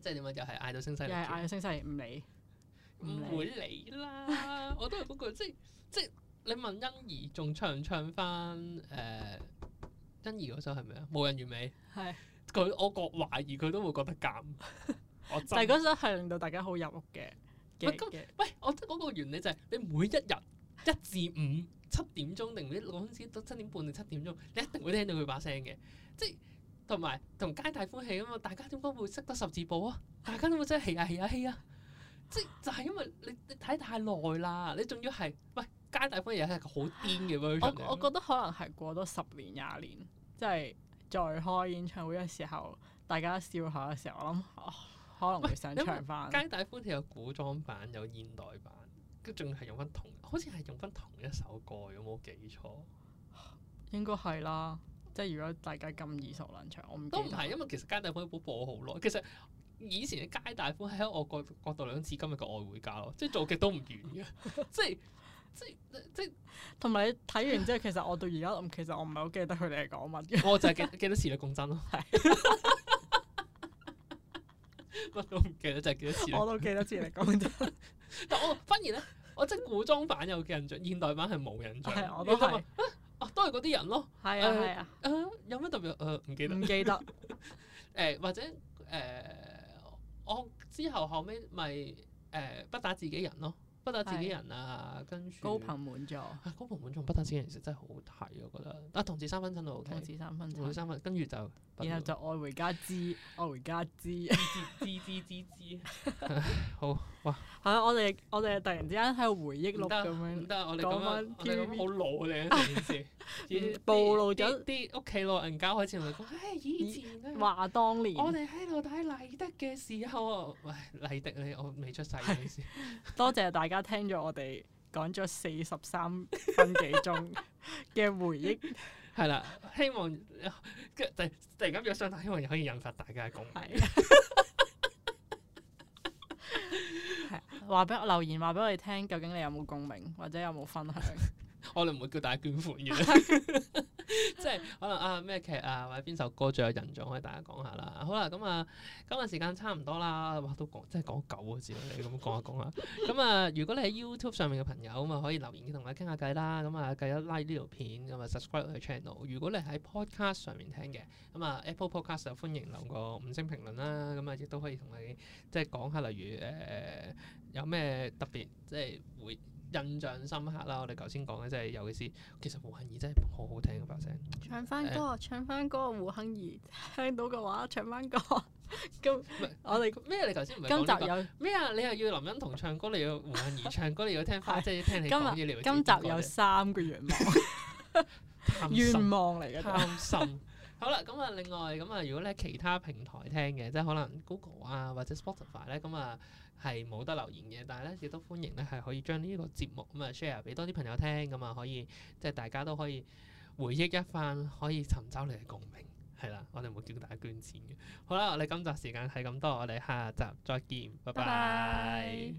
即係點樣又係嗌到星西，係嗌到星西，唔理。唔會理啦，我都係嗰句，即係即係你問欣宜，仲唱唔唱翻誒欣宜嗰首係咪啊？無人完美係佢，我覺懷疑佢都會覺得尷尬，但係嗰首係令到大家好入屋嘅。喂，我覺得嗰個原理就係你每一日一至五七點鐘定唔知六點幾到七點半定七點鐘，你一定會聽到佢把聲嘅。即係同埋同皆大歡喜啊嘛，大家點解會識得十字步啊？大家都會真係啊，係啊，係啊！即就係因為你你睇太耐啦，你仲要係喂《街大風》又係個好癲嘅 version。我我覺得可能係過多十年廿年，即係再開演唱會嘅時候，大家笑下嘅時候，我諗可能會想唱翻。有有《街大風》條，有古裝版，有現代版，跟仲係用翻同，好似係用翻同一首歌有冇記錯？應該係啦，即係如果大家咁耳熟能詳，我唔都唔係，因為其實《街大風》都播好耐，其實。以前嘅皆大歡喜喺我個角度，兩次今日嘅愛回家咯，即係做極都唔完嘅，即係即係即係，同埋你睇完之後，其實我對而家其實我唔係好記得佢哋係講乜嘅。我就係記記得磁力共振咯，係。乜都唔記得就係記得磁力共振。我都記得磁力共振，但我反而咧，我即係古裝版有印象，現代版係冇印象。我都係。啊，都係嗰啲人咯。係啊，係啊啊，有咩特別？唔記得。唔記得。誒，或者誒。我之後後尾咪誒不打自己人咯。畢打自己人啊，跟住高朋滿座，高朋滿座，畢打自己人，其實真係好睇我覺得。但同事三分親，都 OK，同事三分親三分，跟住就然後就愛回家之愛回家之之之好哇！係我哋我哋突然之間喺度回憶咯，唔得唔得我哋咁樣，我哋好老啊！我呢件事，暴露咗啲屋企老人家開始同你講，以前話當年，我哋喺度睇麗的嘅時候啊，喂，麗的你我未出世嗰陣時，多謝大家。聽咗我哋講咗四十三分幾鐘嘅回憶，係啦，希望、呃、即突然間變咗上台，希望可以引發大家嘅共鳴。係，話俾我留言，話俾我哋聽，究竟你有冇共鳴，或者有冇分享？ 我哋唔會叫大家捐款嘅。 即係可能啊咩劇啊或者邊首歌最有印象，可以大家講下啦。好啦，咁啊今日時間差唔多啦，哇都講即係講九個字你咁講一講啦。咁 啊如果你喺 YouTube 上面嘅朋友咁啊可以留言同我傾下偈啦。咁啊記得 like 呢條片，咁啊 subscribe 我嘅 channel。如果你喺 Podcast 上面聽嘅，咁啊 Apple Podcast 就歡迎留個五星評論啦。咁啊亦都、啊、可以同我即係講下，例如誒有咩特別即係會。印象深刻啦！我哋頭先講嘅即係，尤其是其實胡杏兒真係好好聽嘅把聲。唱翻歌，欸、唱翻歌，胡杏兒聽到嘅話，唱翻歌。咁、嗯、 我哋們咩？你頭先唔係今集有咩啊？你又要林欣彤唱歌，你要胡杏兒唱歌，你要聽花姐，係聽你講 今集有三個願望， 心願望嚟嘅貪心。 好啦，咁啊，另外咁啊，如果你喺其他平台聽嘅，即係可能 Google 啊或者 Spotify 咧，咁啊。係冇得留言嘅，但係咧亦都歡迎咧，係可以將呢個節目咁啊 share 俾多啲朋友聽咁啊，可以即係大家都可以回憶一番，可以尋找你嘅共鳴，係啦，我哋冇叫大家捐錢嘅。好啦，我哋今集時間係咁多，我哋下集再見，拜拜。拜拜。